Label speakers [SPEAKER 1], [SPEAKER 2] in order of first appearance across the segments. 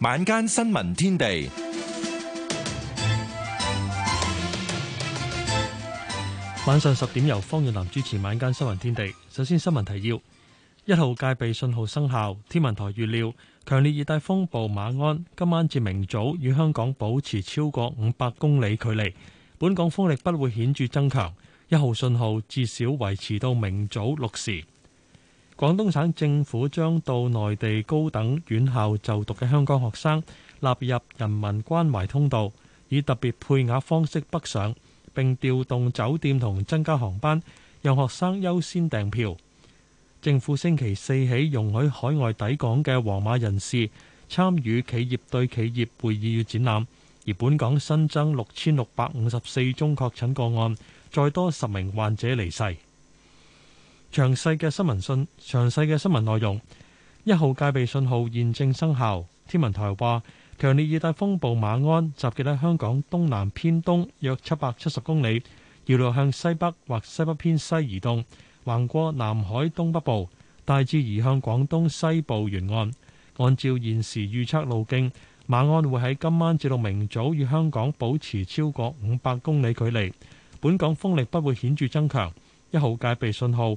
[SPEAKER 1] 晚間新聞天地，
[SPEAKER 2] 晚上十點由方遠南主持。晚間新聞天地，首先新聞提要：一號戒備信號生效，天文台預料強烈熱帶風暴馬鞍今晚至明早與香港保持超過五百公里距離，本港風力不會顯著增強。一號信號至少維持到明早六時。廣東省政府將到內地高等院校就讀嘅香港學生納入人民關懷通道，以特別配額方式北上，並調動酒店同增加航班，讓學生優先訂票。政府星期四起容許海外抵港嘅黃碼人士參與企業對企業會議與展覽。而本港新增六千六百五十四宗確診個案，再多十名患者離世。詳細嘅新聞信，詳細嘅新聞內容。一號戒備信號現正生效。天文台話，強烈熱帶風暴馬鞍集結喺香港東南偏東約七百七十公里，預料向西北或西北偏西移動，橫過南海東北部，大致移向廣東西部沿岸。按照現時預測路徑，馬鞍會喺今晚至到明早與香港保持超過五百公里距離。本港風力不會顯著增強。一號戒備信號。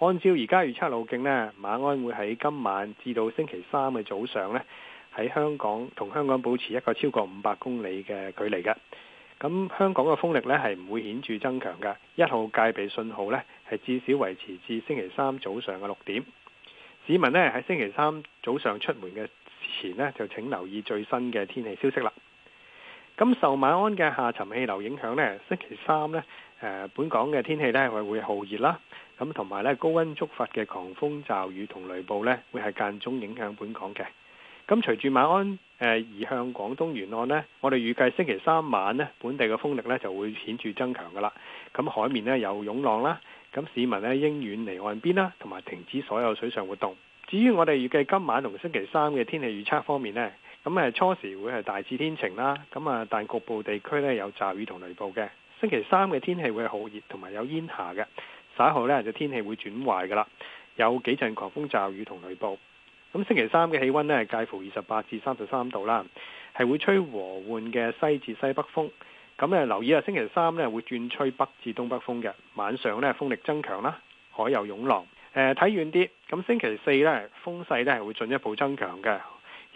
[SPEAKER 3] 按照而家預測路徑咧，馬鞍會喺今晚至到星期三嘅早上咧，喺香港同香港保持一個超過五百公里嘅距離嘅。咁香港嘅風力咧係唔會顯著增強嘅。一號戒備信號咧係至少維持至星期三早上嘅六點。市民咧喺星期三早上出門嘅前咧，就請留意最新嘅天氣消息啦。咁受馬鞍嘅下沉氣流影響呢，星期三呢誒本港嘅天氣呢係會酷熱啦，咁同埋呢高溫觸發嘅狂風驟雨同雷暴呢會係間中影響本港嘅。咁隨住馬鞍誒移向廣東沿岸呢，我哋預計星期三晚呢本地嘅風力呢就會顯著增強噶啦。咁海面呢有湧浪啦，咁市民呢應遠離岸邊啦，同埋停止所有水上活動。至於我哋預計今晚同星期三嘅天氣預測方面呢。咁係初時會係大致天晴啦，咁啊，但局部地區呢，有驟雨同雷暴嘅。星期三嘅天氣會係好熱同埋有煙霞嘅。稍後呢，就天氣會轉壞嘅啦，有幾陣狂風、驟雨同雷暴。咁星期三嘅氣温呢，介乎二十八至三十三度啦，係會吹和緩嘅西至西北風。咁咧留意下星期三呢，會轉吹北至東北風嘅，晚上呢，風力增強啦，海有湧浪。誒，睇遠啲，咁星期四呢，風勢呢，係會進一步增強嘅。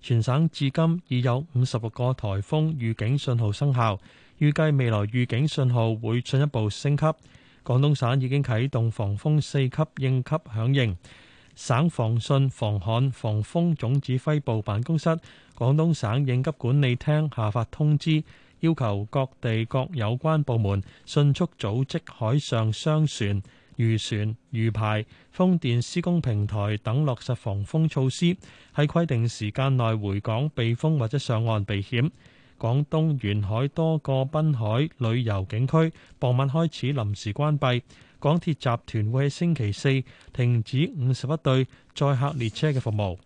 [SPEAKER 2] 全省至今已有五十六個颱風預警信號生效，預計未來預警信號會進一步升級。廣東省已經啟動防風四級應急響應，省防汛防旱防風總指揮部辦公室、廣東省應急管理廳下發通知，要求各地各有關部門迅速組織海上商船。漁船、漁排、風電施工平台等落實防風措施，喺規定時間內回港避風或者上岸避險。廣東沿海多個濱海旅遊景區傍晚開始臨時關閉。廣鐵集團會喺星期四停止五十一對載客列車嘅服務。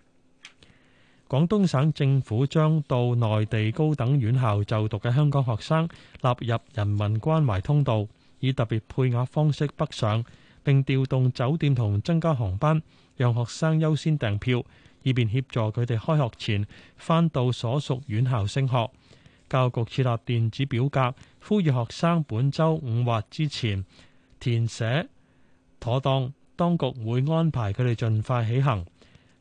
[SPEAKER 2] 廣東省政府將到內地高等院校就讀嘅香港學生納入人文關懷通道，以特別配額方式北上。並調動酒店同增加航班，讓學生優先訂票，以便協助佢哋開學前返到所屬院校升學。教育局設立電子表格，呼籲學生本週五或之前填寫妥當，當局會安排佢哋盡快起行。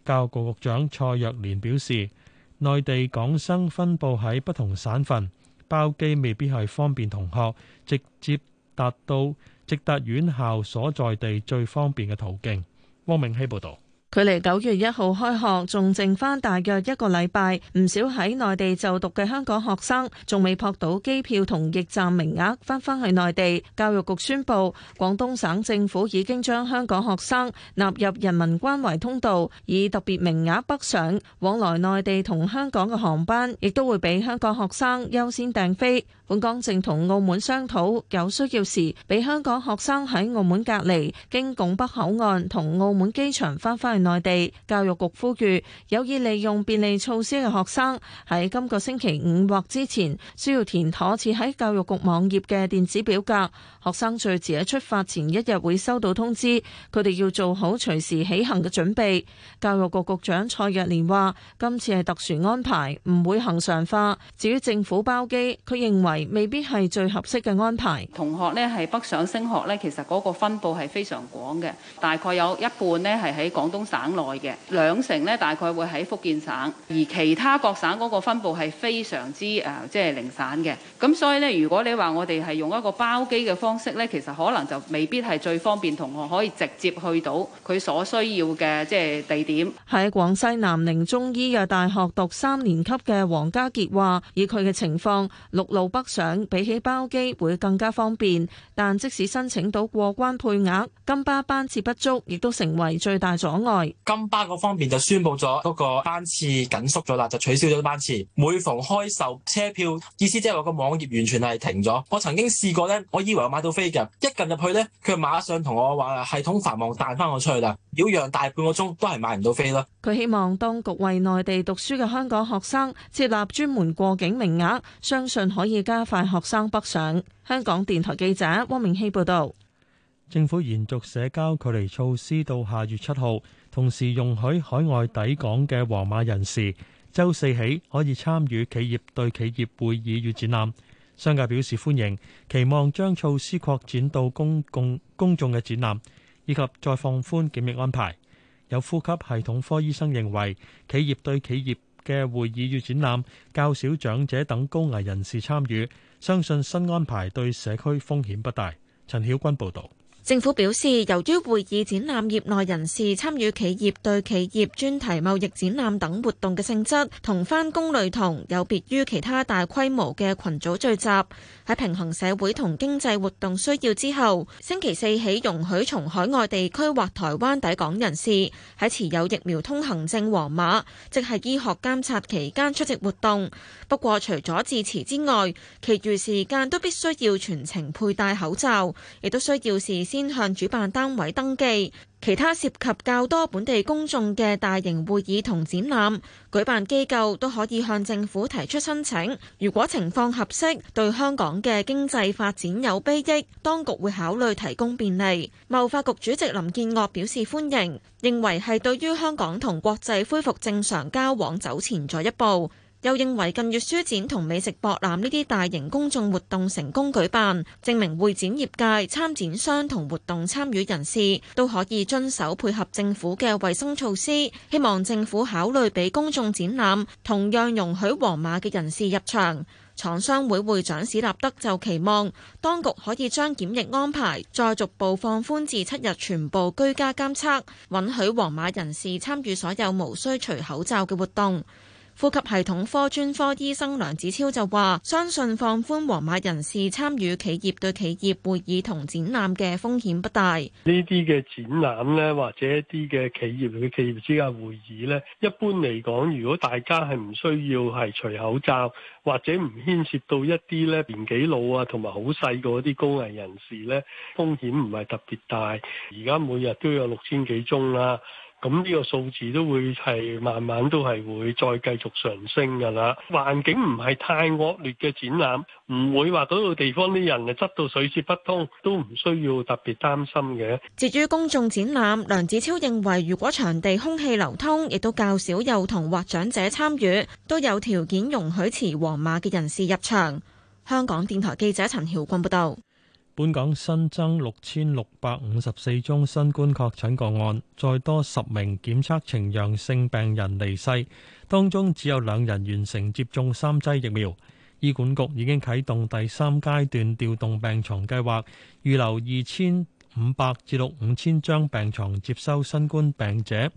[SPEAKER 2] 教育局局長蔡若蓮表示，內地港生分佈喺不同省份，包機未必係方便同學直接達到。直達院校所在地最方便嘅途徑。汪明希報道，
[SPEAKER 4] 距離九月一號開學仲剩翻，大約一個禮拜，唔少喺內地就讀嘅香港學生仲未撲到機票同驛站名額，翻返去內地。教育局宣布，廣東省政府已經將香港學生納入人民關懷通道，以特別名額北上。往來內地同香港嘅航班，亦都會俾香港學生優先訂飛。本港正同澳門商討有需要時，俾香港學生喺澳門隔離，經拱北口岸同澳門機場翻返去內地。教育局呼籲有意利用便利措施嘅學生喺今個星期五或之前需要填妥設喺教育局網頁嘅電子表格。學生最遲喺出發前一日會收到通知，佢哋要做好隨時起行嘅準備。教育局局長蔡若蓮話：今次係特殊安排，唔會恒常化。至於政府包機，佢認為，未必係最合適嘅安排。同學呢，係北上升學呢，其實嗰個分布係非常廣嘅，大概有一半呢，係喺廣東省內嘅，兩成呢，大概會喺福建省，而其他各省嗰個分布係非常之誒，即係零散嘅。咁所以呢，如果你話我哋係用一個包機嘅方式呢，其實可能就未必係最方便，同學可以直接去到佢所需要嘅即係地點。喺廣西南寧中醫嘅大學讀三年級嘅黃家杰話，以佢嘅情況，陸路北。相比起包機會更加方便，但即使申請到過關配額，金巴班次不足亦都成為最大阻礙。
[SPEAKER 5] 金巴嗰方面就宣布咗嗰個班次緊縮咗啦，就取消咗班次。每逢開售車票，意思即係話個網頁完全係停咗。我曾經試過咧，我以為我買到飛嘅，一撳入去咧，佢馬上同我話系統繁忙，彈翻我出去啦。要讓大半個鐘都係買唔到飛咯。
[SPEAKER 4] 佢希望當局為內地讀書嘅香港學生設立專門過境名額，相信可以。加快學生北上。香港電台記者汪明熙報導，
[SPEAKER 2] 政府延續社交距離措施到下月七號，同時容許海外抵港嘅皇馬人士，週四起可以參與企業對企業會議與展覽。商界表示歡迎，期望將措施擴展到公共公眾嘅展覽，以及再放寬檢疫安排。有呼吸系統科醫生認為，企業對企業嘅會議與展覽較少長者等高危人士參與，相信新安排對社區風險不大。陳曉君報導。
[SPEAKER 6] 政府表示，由於會議、展覽業內人士參與企業對企業專題貿易展覽等活動嘅性質，同返工類同有別於其他大規模嘅群組聚集，喺平衡社會同經濟活動需要之後，星期四起容許從海外地區或台灣抵港人士喺持有疫苗通行證黃碼，即係醫學監察期間出席活動。不過，除咗致辭之外，其餘時間都必須要全程佩戴口罩，亦都需要事先向主辦單位登記。其他涉及較多本地公眾嘅大型會議同展覽，舉辦機構都可以向政府提出申請。如果情況合適，對香港嘅經濟發展有裨益，當局會考慮提供便利。貿發局主席林建岳表示歡迎，認為係對於香港同國際恢復正常交往走前咗一步。又認為近月書展同美食博覽呢啲大型公眾活動成功舉辦，證明會展業界、參展商同活動參與人士都可以遵守配合政府嘅衛生措施。希望政府考慮畀公眾展覽同樣容許黃碼嘅人士入場。廠商會會長史立德就期望當局可以將檢疫安排再逐步放寬至七日全部居家監測，允許黃碼人士參與所有無需除口罩嘅活動。呼吸系統科專科醫生梁子超就話，相信放寬黃碼人士參與企業對企業會議同展覽嘅風險不大。
[SPEAKER 7] 呢
[SPEAKER 3] 啲嘅展覽咧，或者一啲嘅企業嘅企業之間會議咧，一般嚟
[SPEAKER 2] 講，如果大家係唔需要係除口罩，或者唔牽涉到一啲咧年紀老啊，同埋好細個啲高危人士咧，風險唔係特別大。而家每日都有六千幾宗啦。咁呢個數字都會係慢慢都係會再繼續上升㗎啦。
[SPEAKER 3] 環境唔係太惡劣嘅展覽，唔
[SPEAKER 2] 會話到度地方啲人啊，擠到水泄不通，都唔需要特別擔心嘅。
[SPEAKER 6] 至於公眾展覽，梁子超認為，如果場地空氣流通，亦都較少幼童或長者參與，都有條件容許持黃碼嘅人士入場。香港電台記者陳曉君報道。
[SPEAKER 2] 本港新增六千六百五十四宗新冠確診個案，再多十名檢測呈陽性病人離世，當中只有兩人完成接種三劑疫苗。醫管局已經啟動第三階段調動病床計劃，預留二千五百至六五千張病床接收新冠病者，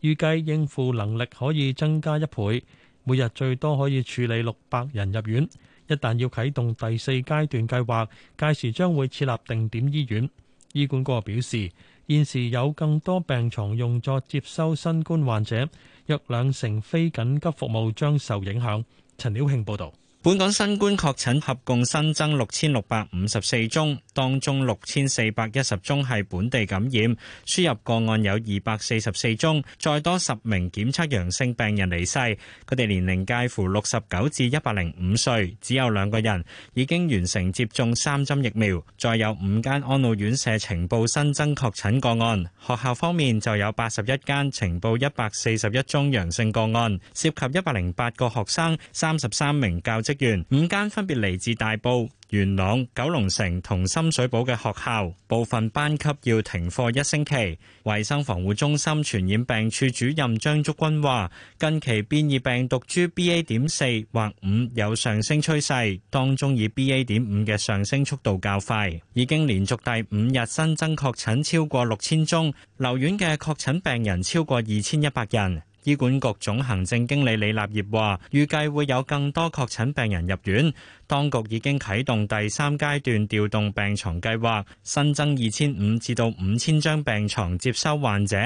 [SPEAKER 2] 預計應付能力可以增加一倍，每日最多可以處理六百人入院。一旦要啟動第四階段計劃，屆時將會設立定點醫院。醫管局表示，現時有更多病床用作接收新冠患者，約兩成非緊急服務將受影響。陳曉慶報道。本港新冠確診合
[SPEAKER 8] 共新增六千六百五十四宗，當中六千四百一十宗係本地感染，輸入個案有二百四十四宗，再多十名檢測陽性病人離世，佢哋年齡介乎六十九至一百零五歲，只有兩個人已經完成接種三針疫苗，再有五間安老院舍呈報新增確診個案，學校方面就有八十一間呈報一百四十一宗陽性個案，涉及一百零八個學生，三十三名教職員，五間分別嚟自大埔、元朗、九龍城同深水埗嘅學校，部分班級要停課一星期。衛生防護中心傳染病處主任張竹君話，近期變異病毒株 BA 點四或五有上升趨勢，當中以 BA 點五嘅上升速度較快，已經連續第五日新增確診超過六千宗，留院嘅確診病人超過二千一百人。醫管局總行政經理李立業話，預計會有更多確診病人入院。當局已經啟動第三階段調動病床計劃，新增二千五至到五千張病床接收患者，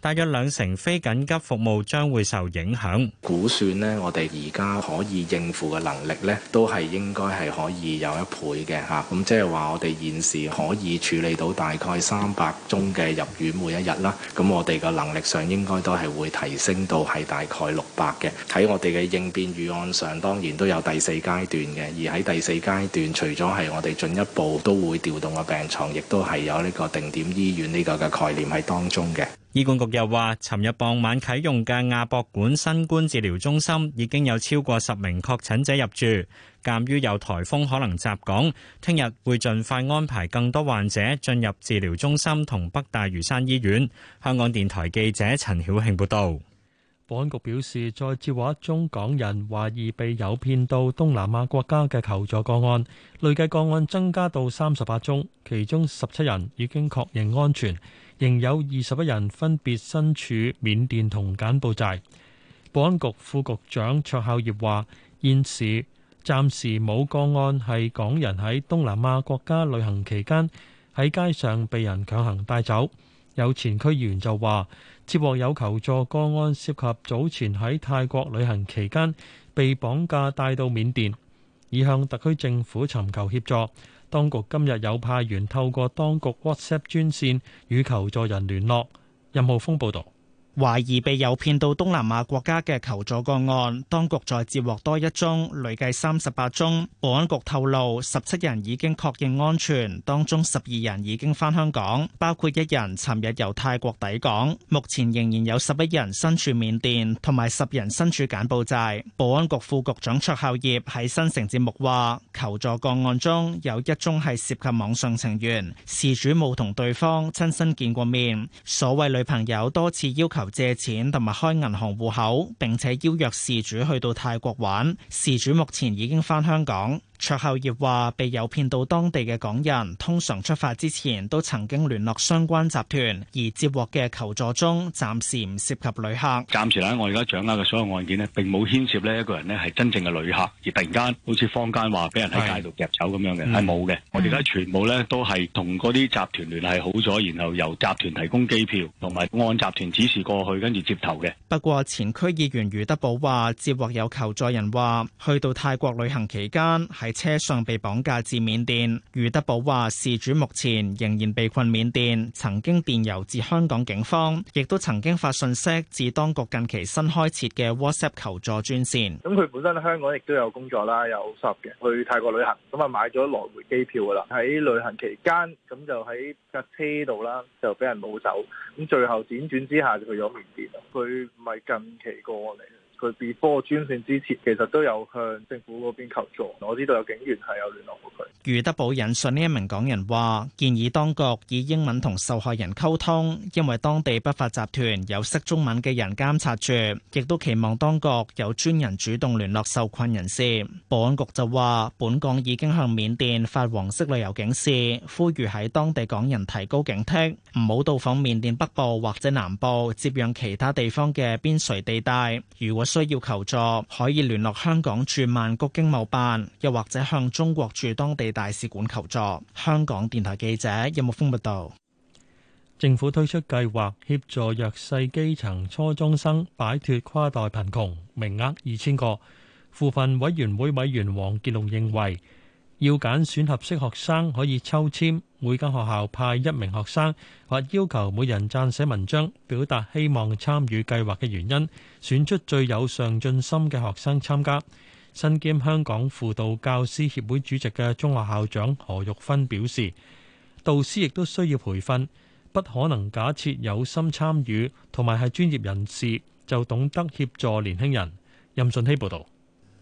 [SPEAKER 8] 大約兩成非緊急服務將會受影響。估算呢，我哋而家可以應付嘅能力呢，都係應該係可以有一倍嘅吓。咁即係話我哋現時可以處理到大概三百宗嘅入院每一日啦。咁我哋嘅能力上應該都係會提升到係大概六百嘅。喺我哋嘅應變預案上，當然都有第四階段嘅喺第四階段，除咗係我哋進一步都會調動嘅病床，亦都係有呢個定點醫院呢個嘅概念喺當中嘅。醫管局又話，尋日傍晚啟用嘅亞博館新冠治療中心已經有超過十名確診者入住。鑒於有台風可能襲港，聽日會盡快安排更多患者進入治療中心同北大嶼山醫院。香港電台記者陳曉慶報道。
[SPEAKER 2] 保安局表示，在接獲一宗港人懷疑被誘騙到東南亞國家嘅求助個案，累計個案增加到三十八宗，其中十七人已經確認安全，仍有二十一人分別身處緬甸同柬埔寨。保安局副局長卓孝業話，現時暫時冇個案係港人喺東南亞國家旅行期間喺街上被人強行帶走。有前區議員就話：接獲有求助個案，涉及早前喺泰國旅行期間被綁架帶到緬甸，已向特區政府尋求協助。當局今日有派員透過當局 WhatsApp 專線與求助人聯絡。任浩峰報道。
[SPEAKER 9] 懷疑被誘騙到東南亞國家嘅求助個案，當局再接獲多一宗，累計三十八宗。保安局透露，十七人已經確認安全，當中十二人已經返香港，包括一人尋日由泰國抵港。目前仍然有十一人身處緬甸，同埋十人身處柬埔寨。保安局副局長卓孝業喺新城節目話，求助個案中有一宗係涉及網上情緣，事主冇同對方親身見過面，所謂女朋友多次要求，由借錢同埋開銀行戶口，並且邀約事主去到泰國玩。事主目前已經返香港。卓孝業話：被誘騙到當地嘅港人，通常出發之前都曾經聯絡相關集團，而接獲嘅求助中，暫時唔涉及旅客。
[SPEAKER 10] 暫時呢，我而家掌握嘅所有案件呢，並冇牽涉呢一個人呢係真正嘅旅客，而突然間好似坊間話俾人喺街度夾走咁樣嘅，係冇嘅。我哋而家全部呢都係同嗰啲集團聯繫好咗，然後由集團提供機票，同埋按集團指示過去，跟住接頭嘅。
[SPEAKER 9] 不過前區議員余德寶話：接獲有求助人話，去到泰國旅行期間係車上被綁架至緬甸，余德寶話事主目前仍然被困緬甸，曾經電郵至香港警方，亦都曾經發信息至當局近期新開設嘅 WhatsApp 求助專線。
[SPEAKER 3] 咁佢本身香港亦都有工作啦，有十日嘅，去泰國旅行，咁啊買咗來回機票噶啦。喺旅行期間，咁就喺架車度啦，就俾人擄走。咁最後輾轉之下就去咗緬甸。佢唔係近期過嚟。佢 B 波專線之前，其實都有向政府嗰邊求助。我呢度有警員係有聯絡過
[SPEAKER 9] 佢。余德寶引述呢一名港人話：建議當局以英文同受害人溝通，因為當地不法集團有識中文嘅人監察住，亦都期望當局有專人主動聯絡受困人士。保安局就話：本港已經向緬甸發黃色旅遊警示，呼籲喺當地港人提高警惕，唔好到訪緬甸北部或者南部接壤其他地方嘅邊陲地帶。如果需要求助，可以聯絡香港駐曼谷經貿辦，又或者向中國駐當地大使館求助。香港電台記者任木峰報道。
[SPEAKER 2] 政府推出計劃協助弱勢基層初中生擺脫跨代貧窮，名額二千個，扶貧委員會委員黃傑龍認為，要揀選合適學生可以抽籤，每間學校派一名學生，或要求每人撰寫文章，表達希望參與計劃嘅原因，選出最有上進心嘅學生參加。身兼香港輔導教師協會主席嘅中學校長何玉芬表示，導師亦都需要培訓，不可能假設有心參與同埋係專業人士就懂得協助年
[SPEAKER 11] 輕人。任信希報導。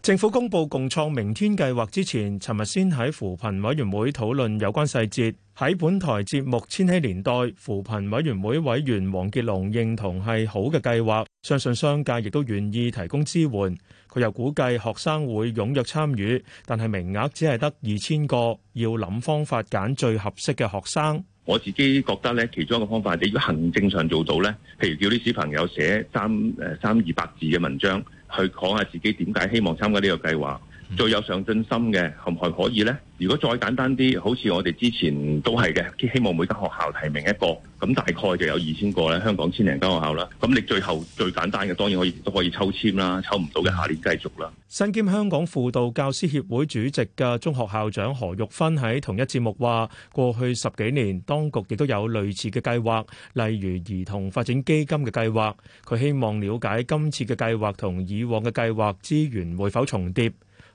[SPEAKER 11] 政府公布《共創明天計劃》之前，尋日先喺扶貧委員會討論有關細節。喺本台節目《千禧年代》，扶貧委員會委員黃傑龍認同係好嘅計劃，相信商界亦都願意提供支援。佢又估計學生會踴躍參與，但係名額只係得二千個，要諗方法揀最合適嘅學生。
[SPEAKER 3] 我自己覺得咧，其中一個方法，你如果行政上做到咧，譬如叫啲小朋友寫三誒三二百字嘅文章。去講下自己點解希望參加呢個計劃。最有上進心嘅係唔係可以呢？如果再簡單啲，好似我哋之前都係嘅，希望每間學校提名一個，咁大概就有二千個咧。香港千零間學校啦，咁你最後最簡單嘅當然可以都可以抽籤啦，抽唔到嘅下年繼續啦。
[SPEAKER 11] 身兼香港輔導教師協會主席嘅中學校長何玉芬喺同一節目話，過去十幾年，當局亦都有類似嘅計劃，例如兒童發展基金嘅計劃。佢希望了解今次嘅計劃同以往嘅計劃資源會否重疊。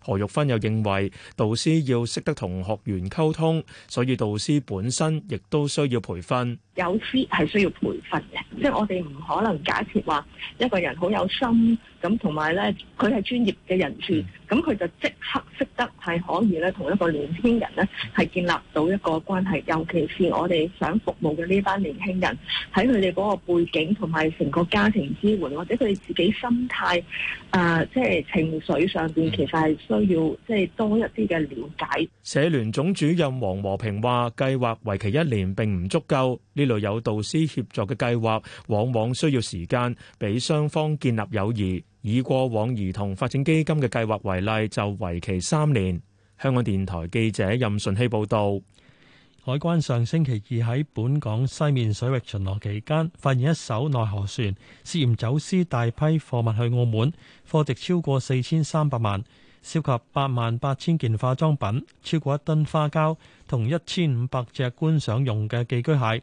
[SPEAKER 11] 何玉芬又認為導師要識得同學員溝通，所以導師本身亦都需要培訓。
[SPEAKER 5] 有師
[SPEAKER 4] 係需要培訓嘅，即係我哋唔可能假設話一個人好有心咁，同埋呢，佢係專業嘅人士，咁佢就即刻識得係可以呢，同一個年輕人呢，係建立到一個關係。尤其是我哋想服務嘅呢班年輕人，喺佢哋嗰個背景同埋成個家庭支援，或者佢哋自己的心態啊，即、呃、係情緒上邊其實係需要即係多一啲嘅了解。
[SPEAKER 11] 社聯總主任黃和平話：計劃為期一年並唔足夠。類有導師協助嘅計劃，往往需要時間俾雙方建立友誼。以過往兒童發展基金嘅計劃為例，就為期三年。香港電台記者任順希報道：
[SPEAKER 2] 海關上星期二喺本港西面水域巡邏期間，發現一艘內河船涉嫌走私大批貨物去澳門，貨值超過四千三百萬，涉及八萬八千件化妝品，超過一噸花膠，同一千五百隻觀賞用嘅寄居蟹。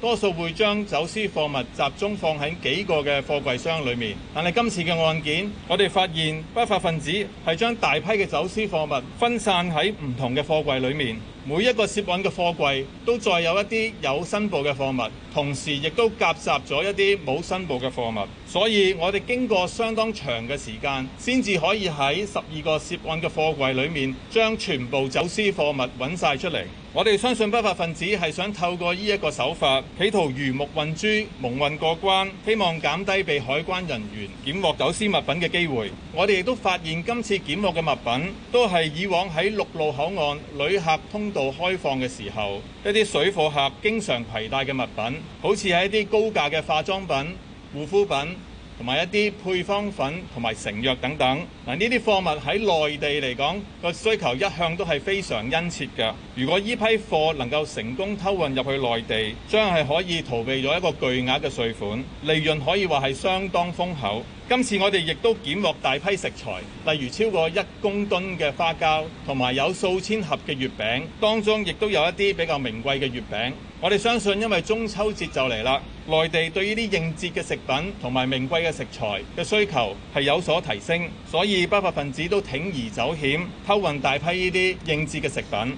[SPEAKER 1] 多數會將走私貨物集中放喺幾個嘅貨櫃箱裏面，但係今次嘅案件，我哋發現不法分子係將大批嘅走私貨物分散喺唔同嘅貨櫃裏面，每一個涉案嘅貨櫃都載有一啲有申報嘅貨物，同時亦都夾雜咗一啲冇申報嘅貨物，所以我哋經過相當長嘅時間，先至可以喺十二個涉案嘅貨櫃裏面將全部走私貨物揾晒出嚟。我哋相信不法分子係想透過呢一個手法，企圖魚目混珠，蒙混過關，希望減低被海關人員檢獲走私物品嘅機會，我哋亦都發現今次檢獲嘅物品，都係以往喺陸路口岸旅客通道開放嘅時候，一啲水貨客經常攜帶嘅物品，好似係一啲高價嘅化妝品、護膚品。同埋一啲配方粉同埋成藥等等，嗱，呢啲貨物喺內地嚟講，個需求一向都係非常殷切嘅。如果呢批貨能夠成功偷運入去內地，將係可以逃避咗一個巨額嘅稅款，利潤可以話係相當豐厚。今次我哋亦都檢獲大批食材，例如超過一公噸嘅花膠，同埋有數千盒嘅月餅，當中亦都有一啲比較名貴嘅月餅。我哋相信，因為中秋節就嚟啦，內地對呢啲應節嘅食品同埋名貴嘅食材嘅需求係有所提升，所以不法分子都鋌而走險，偷運大批呢啲應節嘅食品。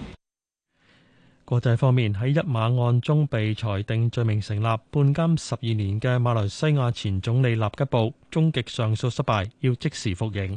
[SPEAKER 2] 國際方面，喺一馬案中被裁定罪名成立、判監十二年嘅馬來西亞前總理納吉布，終極上訴失敗，要即時服刑。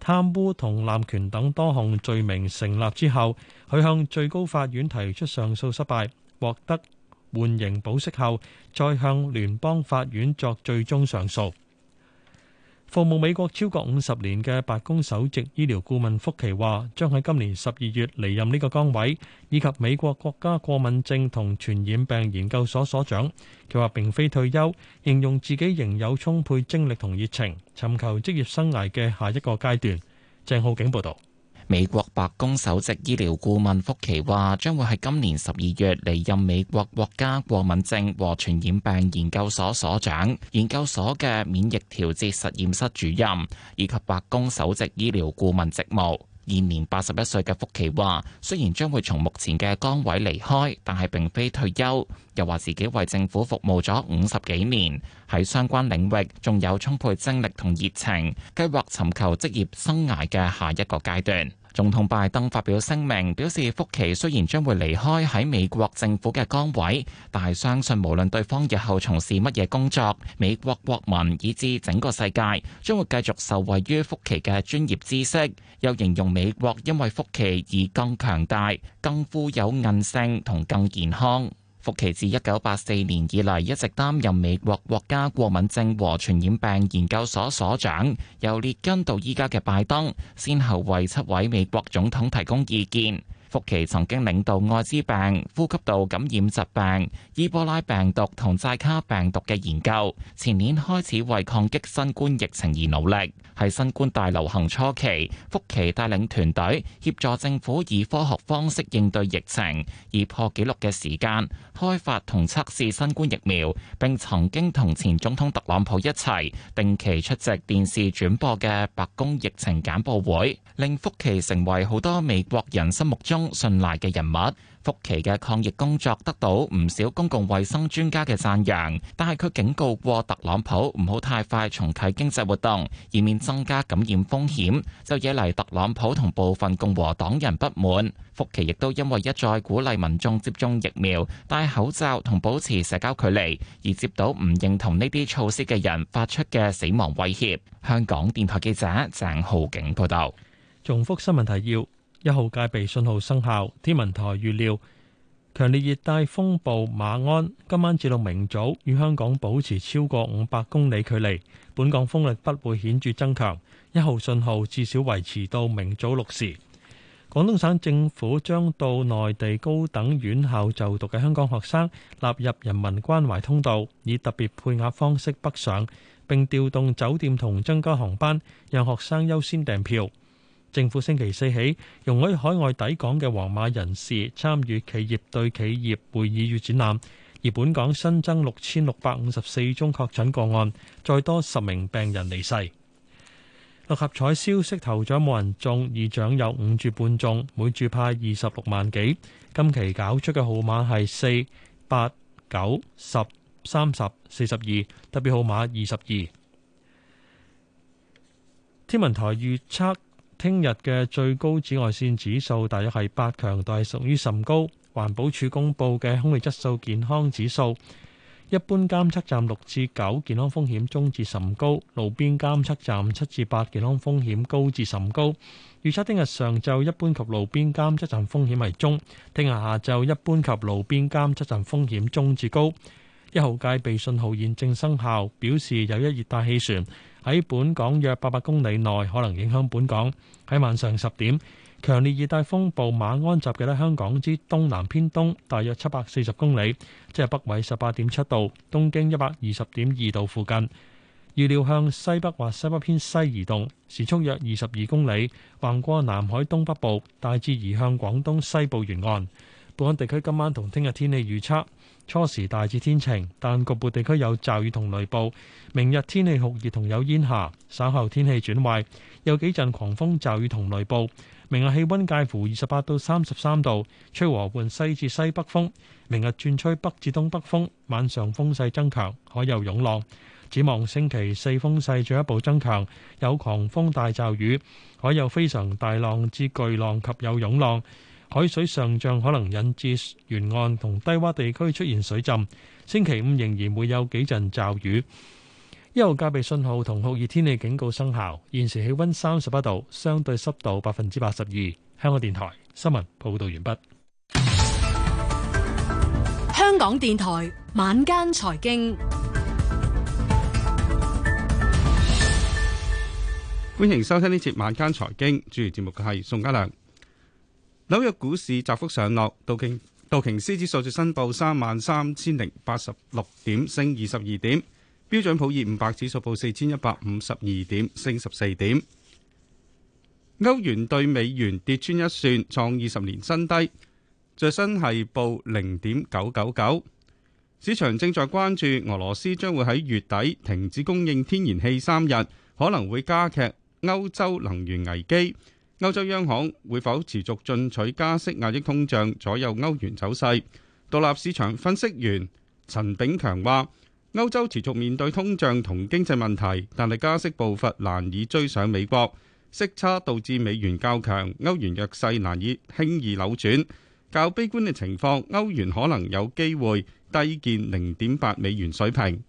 [SPEAKER 2] 貪污同濫權等多項罪名成立之後，佢向最高法院提出上訴失敗，獲得緩刑保釋後，再向聯邦法院作最終上訴。服務美國超過五十年嘅白宮首席醫療顧問福奇話，將喺今年十二月離任呢個崗位，以及美國國家過敏症同傳染病研究所所長。佢話並非退休，形容自己仍有充沛精力同熱情，尋求職業生涯嘅下一個階段。鄭浩景報導。
[SPEAKER 12] 美國白宮首席醫療顧問福奇話，將會喺今年十二月離任美國國家過敏症和傳染病研究所所長、研究所嘅免疫調節實驗室主任，以及白宮首席醫療顧問職務。現年八十一歲嘅福奇話，雖然將會從目前嘅崗位離開，但係並非退休。又話自己為政府服務咗五十幾年，喺相關領域仲有充沛精力同熱情，計劃尋求職業生涯嘅下一個階段。總統拜登發表聲明，表示福奇雖然將會離開喺美國政府嘅崗位，但係相信無論對方日後從事乜嘢工作，美國國民以至整個世界將會繼續受惠於福奇嘅專業知識。又形容美國因為福奇而更強大、更富有韌性同更健康。福奇自一九八四年以嚟一直擔任美國國家過敏症和傳染病研究所所長，由列根到依家嘅拜登，先後為七位美國總統提供意見。福奇曾經領導愛滋病、呼吸道感染疾病、伊波拉病毒同寨卡病毒嘅研究，前年開始為抗擊新冠疫情而努力。喺新冠大流行初期，福奇帶領團隊協助政府以科學方式應對疫情，以破紀錄嘅時間開發同測試新冠疫苗，並曾經同前總統特朗普一齊定期出席電視轉播嘅白宮疫情簡報會，令福奇成為好多美國人心目中。信賴嘅人物，福奇嘅抗疫工作得到唔少公共衛生專家嘅讚揚，但係佢警告過特朗普唔好太快重啟經濟活動，以免增加感染風險，就惹嚟特朗普同部分共和黨人不滿。福奇亦都因為一再鼓勵民眾接種疫苗、戴口罩同保持社交距離，而接到唔認同呢啲措施嘅人發出嘅死亡威脅。香港電台記者鄭浩景報道。重複新聞提
[SPEAKER 2] 要。一號戒備信號生效，天文台預料，強烈熱帶風暴馬鞍今晚至到明早與香港保持超過五百公里距離，本港風力不會顯著增強。一號信號至少維持到明早六時。廣東省政府將到內地高等院校就讀嘅香港學生納入人民關懷通道，以特別配額方式北上，並調動酒店同增加航班，讓學生優先訂票。政府星期四起容許海外抵港嘅黃碼人士參與企業對企業會議與展覽。而本港新增六千六百五十四宗確診個案，再多十名病人離世。六合彩消息頭獎冇人中，二獎有五注半中，每注派二十六萬幾。今期搞出嘅號碼係四八九十三十四十二，特別號碼二十二。天文台預測。聽日嘅最高紫外線指數大約係八強，但係屬於甚高。環保署公布嘅空氣質素健康指數，一般監測站六至九，健康風險中至甚高；路邊監測站七至八，健康風險高至甚高。預測聽日上晝一般及路邊監測站風險係中，聽日下晝一般及路邊監測站風險中至高。一號戒備信號現正生效，表示有一熱帶氣旋。喺本港約八百公里內，可能影響本港。喺晚上十點，強烈熱帶風暴馬鞍集結喺香港之東南偏東，大約七百四十公里，即係北緯十八點七度、東經一百二十點二度附近。預料向西北或西北偏西移動，時速約二十二公里，橫過南海東北部，大致移向廣東西部沿岸。本港地區今晚同聽日天氣預測，初時大致天晴，但局部地區有驟雨同雷暴。明日天氣酷熱同有煙霞，稍後天氣轉壞，有幾陣狂風驟雨同雷暴。明日氣溫介乎二十八到三十三度，吹和緩西至西北風，明日轉吹北至東北風，晚上風勢增強，海有湧浪。展望星期四風勢進一步增強，有狂風大驟雨，海有非常大浪至巨浪及有湧浪。海水上漲可能引致沿岸同低洼地區出現水浸。星期五仍然會有幾陣驟雨。一號戒備信號同酷熱天氣警告生效。現時氣溫三十一度，相對濕度百分之八十二。香港電台新聞報道完畢。
[SPEAKER 5] 香港電台晚間財經，
[SPEAKER 7] 歡迎收聽呢節晚間財經。主持節目嘅係宋家良。紐約股市窄幅上落，道瓊道瓊斯指數最新報三萬三千零八十六點，升二十二點；標準普爾五百指數報四千一百五十二點，升十四點。歐元對美元跌穿一算，創二十年新低，最新係報零點九九九。市場正在關注俄羅斯將會喺月底停止供應天然氣三日，可能會加劇歐洲能源危機。歐洲央行會否持續進取加息，壓抑通脹，左右歐元走勢？獨立市場分析員陳炳強話：歐洲持續面對通脹同經濟問題，但係加息步伐難以追上美國，息差導致美元較強，歐元弱勢難以輕易扭轉。較悲觀嘅情況，歐元可能有機會低見零點八美元水平。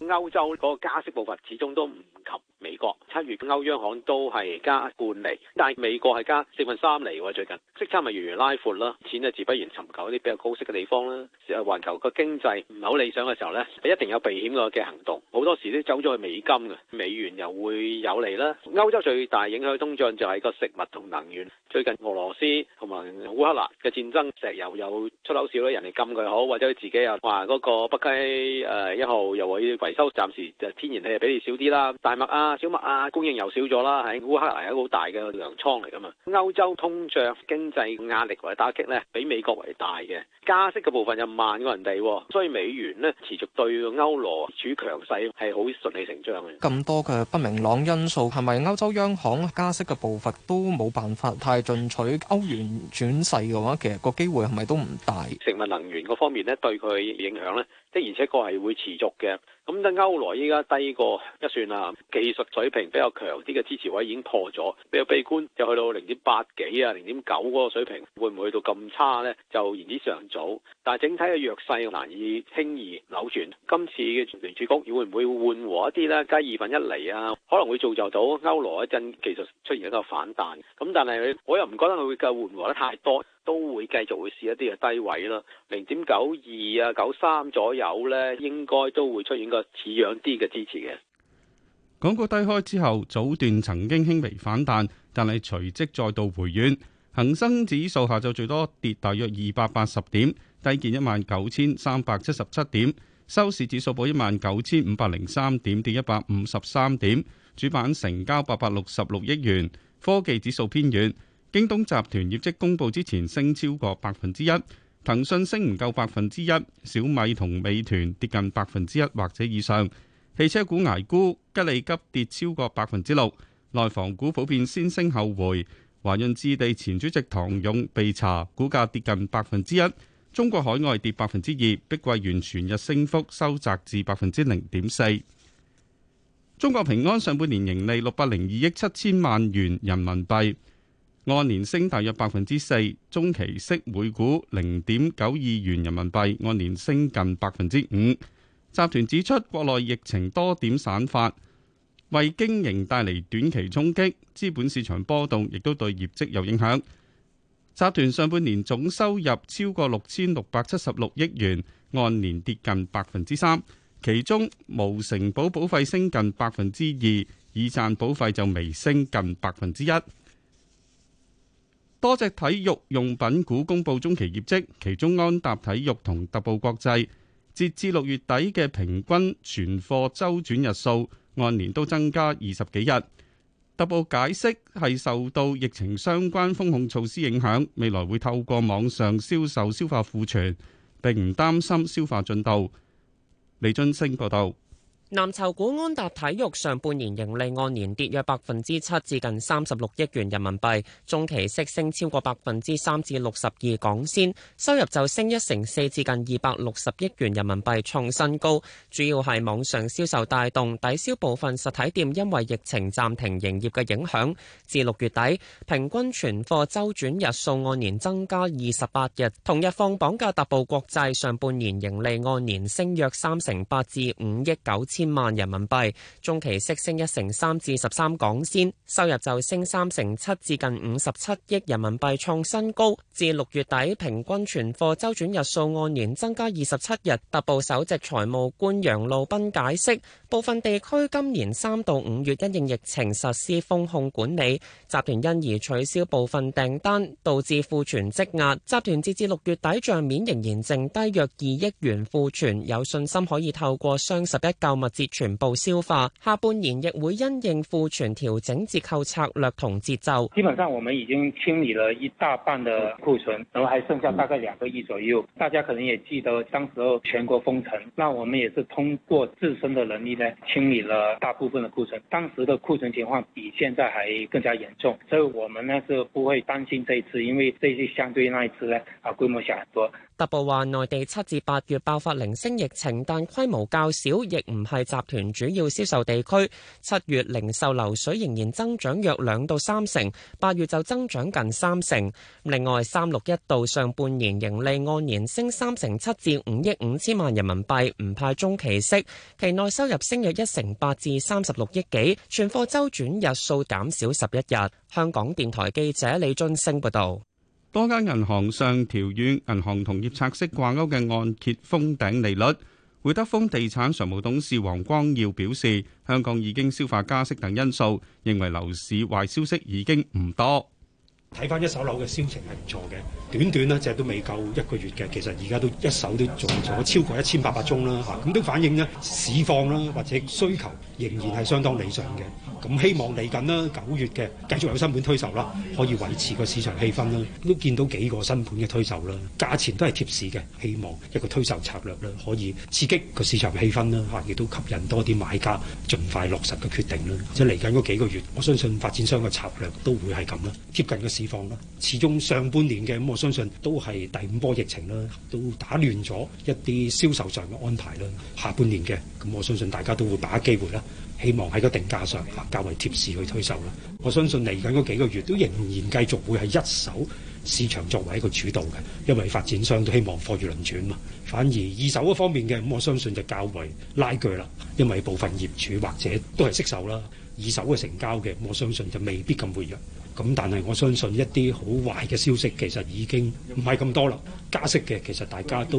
[SPEAKER 10] 歐洲嗰個加息步伐始終都唔及。美國七月歐央、央行都係加半釐，但係美國係加四分三釐喎。最近息差咪源源拉闊啦，錢咧自不然尋求啲比較高息嘅地方啦。環球個經濟唔係好理想嘅時候咧，一定有避險嘅嘅行動。好多時都走咗去美金嘅，美元又會有利啦。歐洲最大影響嘅通脹就係個食物同能源。最近俄羅斯同埋烏克蘭嘅戰爭，石油又出口少咧，人哋禁佢好，或者自己啊話嗰個北溪誒一號又話要維修，暫時就天然氣比你少啲啦，大麥啊。啊，小麥啊，供應又少咗啦，喺烏克蘭係一個好大嘅糧倉嚟㗎嘛。歐洲通脹、經濟壓力或者打擊咧，比美國為大嘅加息嘅部分又慢過人哋，所以美元咧持續對歐羅處強勢，係好順理成章嘅。咁
[SPEAKER 8] 多嘅不明朗因素，係咪歐洲央行加息嘅步伐都冇辦法太進取？歐元轉勢嘅話，其實個機會係咪都唔大？
[SPEAKER 10] 食物能源嗰方面咧，對佢影響咧？的而且確係會持續嘅，咁等歐羅依家低過一算啦，技術水平比較強啲嘅支持位已經破咗，比較悲觀就去到零點八幾啊、零點九嗰個水平，會唔會去到咁差呢？就言之尚早，但係整體嘅弱勢難以輕易扭轉。今次嘅聯儲局會唔會緩和一啲呢？加二分一厘啊，可能會造就到歐羅一陣技術出現一個反彈，咁但係我又唔覺得佢會夠緩和得太多。都會繼續會試一啲嘅低位咯，零點九二啊、九三左右呢應該都會出現個似樣啲嘅支持嘅。
[SPEAKER 7] 港股低開之後，早段曾經輕微反彈，但係隨即再度回軟。恒生指數下晝最多跌大約二百八十點，低見一萬九千三百七十七點，收市指數報一萬九千五百零三點，跌一百五十三點。主板成交八百六十六億元，科技指數偏軟。京東集團業績公佈之前升超過百分之一，騰訊升唔夠百分之一，小米同美團跌近百分之一或者以上。汽車股捱沽，吉利急跌超過百分之六。內房股普遍先升後回，華潤置地前主席唐勇被查，股價跌近百分之一。中國海外跌百分之二，碧桂園全日升幅收窄至百分之零點四。中國平安上半年盈利六百零二億七千萬元人民幣。按年升大約百分之四，中期息每股零點九二元人民幣，按年升近百分之五。集團指出，國內疫情多點散發，為經營帶嚟短期衝擊，資本市場波動亦都對業績有影響。集團上半年總收入超過六千六百七十六億元，按年跌近百分之三，其中無承保保費升近百分之二，已賺保費就微升近百分之一。多隻體育用品股公布中期業績，其中安踏體育同特步國際，截至六月底嘅平均存貨週轉日數，按年都增加二十幾日。特步解釋係受到疫情相關防控措施影響，未來會透過網上銷售消化庫存，並唔擔心消化進度。李俊升報道。
[SPEAKER 13] 南籌股安踏體育上半年盈利按年跌約百分之七，至近三十六億元人民幣；中期息升超過百分之三，至六十二港仙；收入就升一成四，至近二百六十億元人民幣創新高，主要係網上銷售帶動，抵消部分實體店因為疫情暫停營業嘅影響。至六月底，平均存貨周轉日數按年增加二十八日。同日放榜嘅特步國際上半年盈利按年升約三成八，至五億九千。千萬人民幣，中期息升一成三至十三港仙，收入就升三成七至近五十七億人民幣，創新高。至六月底，平均存貨週轉日數按年增加二十七日，特報首席財務官楊路斌解釋，部分地區今年三到五月因應疫情實施封控管理，集團因而取消部分訂單，導致庫存積壓。集團截至六月底帳面仍然剩低約二億元庫存，有信心可以透過雙十一購物節全部消化，下半年亦會因應庫存調整折扣策略同節奏。基本上
[SPEAKER 14] 我們已經清理了一大半的庫存，然後還剩下大概兩個億左右。大家可能也記得當時候全國封城，那我們也是通過自身的能力呢清理了大部分的庫存。當時的庫存情況比現在還更加嚴重，所以我們呢是不會擔心這一次，因為這次相對那一次呢啊規模小很多。
[SPEAKER 13] 特步話，內地七至八月爆發零星疫情，但規模較小，亦唔係。係集團主要銷售地區，七月零售流水仍然增長約兩到三成，八月就增長近三成。另外，三六一度上半年盈利按年升三成七至五億五千萬人民幣，唔派中期息，期內收入升約一成八至三十六億幾，存貨周轉日數減少十一日。香港電台記者李俊升
[SPEAKER 7] 報道，多間銀行上調與銀行同業拆息掛鈎嘅按揭封頂利率。會德豐地產常務董事黃光耀表示，香港已經消化加息等因素，認為樓市壞消息已經唔多。睇翻一
[SPEAKER 14] 手樓嘅銷情係唔錯嘅，
[SPEAKER 7] 短短呢只都未夠一個月嘅，其實而家都一手都做咗
[SPEAKER 14] 超過一千八百宗啦，吓，咁都反映呢市況啦，或者需求仍然係相當理想嘅。咁希望嚟緊啦九月嘅繼續有新盤推售啦，可以維持個市場氣氛啦。都見到幾個新盤嘅推售啦，價錢都係貼市嘅，希望一個推售策略啦，可以刺激個市場氣氛啦，吓亦都吸引多啲買家盡快落實嘅決定啦。即係嚟緊嗰幾個月，我相信發展商嘅策略都會係咁啦，貼近嘅。釋放啦，始終上半年嘅咁，我相信都係第五波疫情啦，都打亂咗一啲銷售上嘅安排啦。下半年嘅咁，我相信大家都會把握機會啦。希望喺個定價上嚇較為貼市去推售啦。我相信嚟緊嗰幾個月都仍然繼續會係一手市場作為一個主導嘅，因為發展商都希望貨如輪轉嘛。反而二手嗰方面嘅咁，我相信就較為拉鋸啦，因為部分業主或者都係惜售啦。二手嘅成交嘅，我相信就未必咁活躍，咁但係我相信一啲好壞嘅消息其實已經唔係咁多啦。加息嘅其實大家都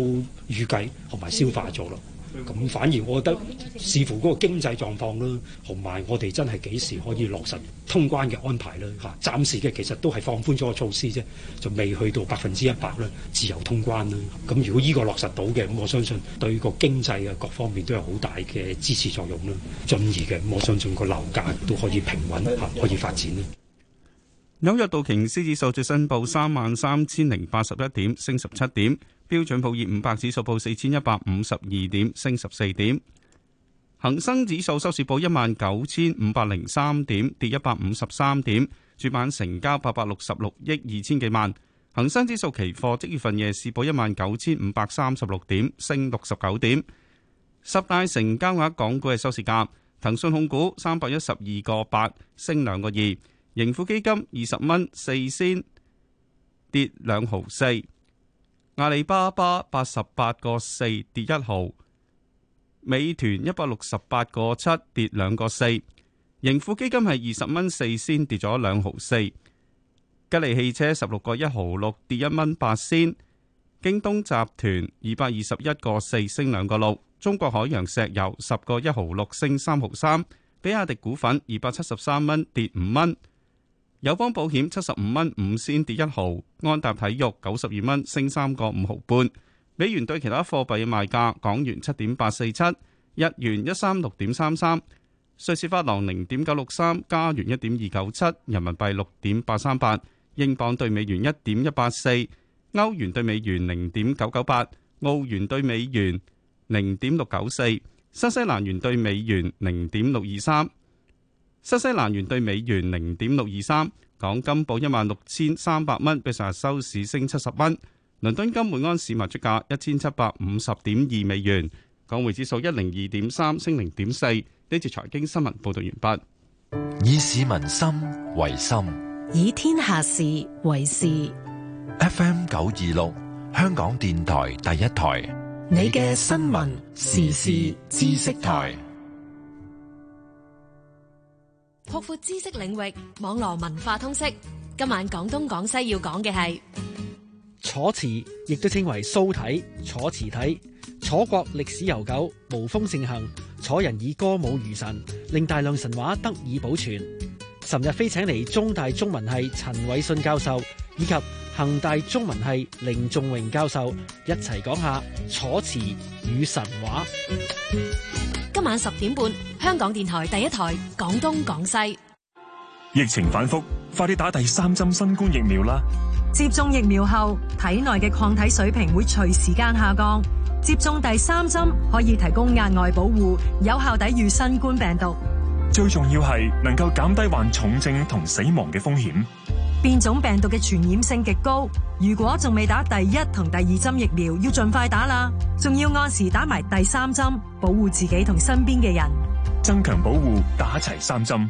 [SPEAKER 14] 預計同埋消化咗啦。咁反而，我覺得視乎個經濟狀況啦，同埋我哋真係幾時可以落實通關嘅安排啦吓，暫時嘅其實都係放寬咗個措施啫，就未去到百分之一百啦，自由通關啦。咁如果依個落實到嘅，咁我相信對個經濟嘅各方面都有好大嘅支持作用啦。進而嘅，我相信個樓價都可以平穩吓可以發展啦。
[SPEAKER 7] 紐約道瓊斯指數最新報三萬三千零八十一點，升十七點。標準普爾五百指數報四千一百五十二點，升十四點。恒生指數收市報一萬九千五百零三點，跌一百五十三點。主板成交八百六十六億二千幾萬。恒生指數期貨即月份夜市報一萬九千五百三十六點，升六十九點。十大成交額港股嘅收市價：騰訊控股三百一十二個八，升兩個二；盈富基金二十蚊四仙，跌兩毫四。阿里巴巴八十八個四跌一毫，美團一百六十八個七跌兩個四，盈富基金係二十蚊四仙跌咗兩毫四，吉利汽車十六個一毫六跌一蚊八仙，京東集團二百二十一個四升兩個六，中國海洋石油十個一毫六升三毫三，比亞迪股份二百七十三蚊跌五蚊。友邦保險七十五蚊五仙跌一毫，安踏體育九十二蚊升三個五毫半。美元對其他貨幣嘅賣價：港元七點八四七，日元一三六點三三，瑞士法郎零點九六三，加元一點二九七，人民幣六點八三八，英鎊對美元一點一八四，歐元對美元零點九九八，澳元對美元零點六九四，新西蘭元對美元零點六二三。新西蘭元對美元零點六二三，港金報一萬六千三百蚊，比上日收市升七十蚊。倫敦金每安士賣出價一千七百五十點二美元，港匯指數一零二點三升零點四。呢次財經新聞報道完畢，以市民心為心，以天下事為
[SPEAKER 5] 事。FM 九二六，香港電台第一台，你
[SPEAKER 14] 嘅新聞時事知識台。
[SPEAKER 6] 擴闊知識領域，網絡文化通識。今晚廣東廣西要
[SPEAKER 3] 講嘅係
[SPEAKER 5] 楚辭，亦都稱為騷體、楚辭體。楚國歷史悠久，無風盛行，楚人以歌舞娛神，令大量神話得以保存。岑日飛請嚟中大中文系陳偉信教授以及。恒大中文系凌仲榮教授一齊講下《楚辭與神話》。今晚十點半，香港電台第一台廣東廣西。
[SPEAKER 11] 疫情反覆，快啲打第三針新冠疫苗啦！
[SPEAKER 5] 接種疫苗後，體內嘅抗體水平會隨時間下降。接種第三針可以提供額外保護，有效抵禦新冠病毒。最
[SPEAKER 11] 重要係能夠減低患重症同死亡嘅風險。
[SPEAKER 5] 變種病毒嘅傳染性極高，如果仲未打第一同第二針疫苗，要盡快打啦，仲要按時打埋第三針，保護自己同身邊嘅人。
[SPEAKER 11] 增強保護，打齊三針。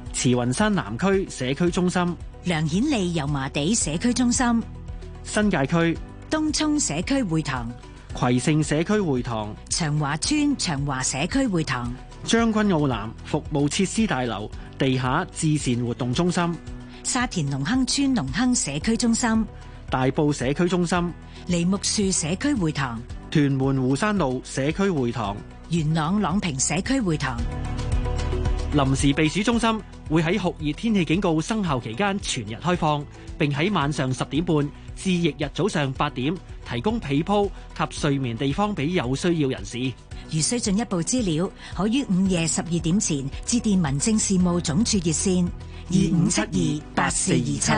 [SPEAKER 5] 慈雲山南區社區中心、梁顯利油麻地社區中心、新界區東涌社區會堂、葵盛社區會堂、長華村長華社區會堂、將軍澳南服務設施大樓地下至善活動中心、沙田隆亨村隆亨社區中心、大埔社區中心、梨木樹社區會堂、屯門湖山路社區會堂、元朗朗屏社區會堂。臨時避暑中心會喺酷熱天氣警告生效期間全日開放，並喺晚上十點半至翌日早上八點提供被鋪及睡眠地方俾有需要人士。如需進一步資料，可於午夜十二點前致電民政事務總署熱線二五七二八四二七，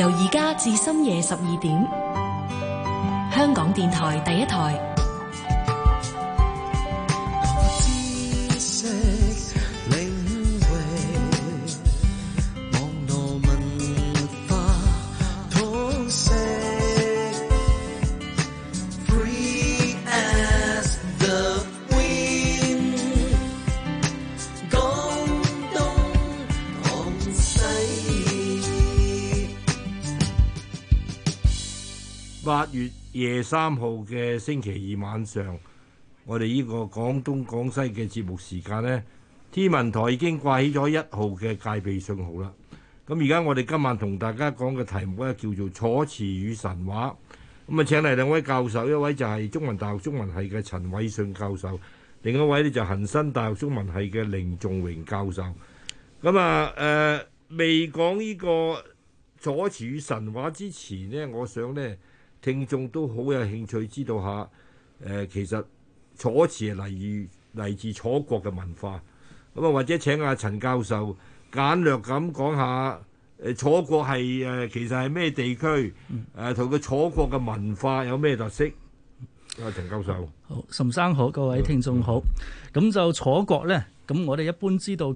[SPEAKER 5] 由而家至深夜十二點。香港電台第一台。
[SPEAKER 14] 夜三號嘅星期二晚上，我哋呢個廣東廣西嘅節目時間呢，天文台已經掛起咗一號嘅戒備信號啦。咁而家我哋今晚同大家講嘅題目咧，叫做《楚辭與神話》。咁啊，請嚟兩位教授，一位就係中文大學中文系嘅陳偉信教授，另一位呢就恆生大學中文系嘅凌仲榮教授。咁啊，誒、呃、未講呢個《楚辭與神話》之前呢，我想呢……聽眾都好有興趣知道下，誒其實楚辭係嚟自嚟自楚國嘅文化，咁啊或者請阿陳教授簡略咁講下，誒楚國係誒其實係咩地區，誒同個楚國嘅文化有咩特色？啊陳教授，
[SPEAKER 5] 好。岑生好，各位聽眾好，咁就楚國咧，咁我哋一般知道。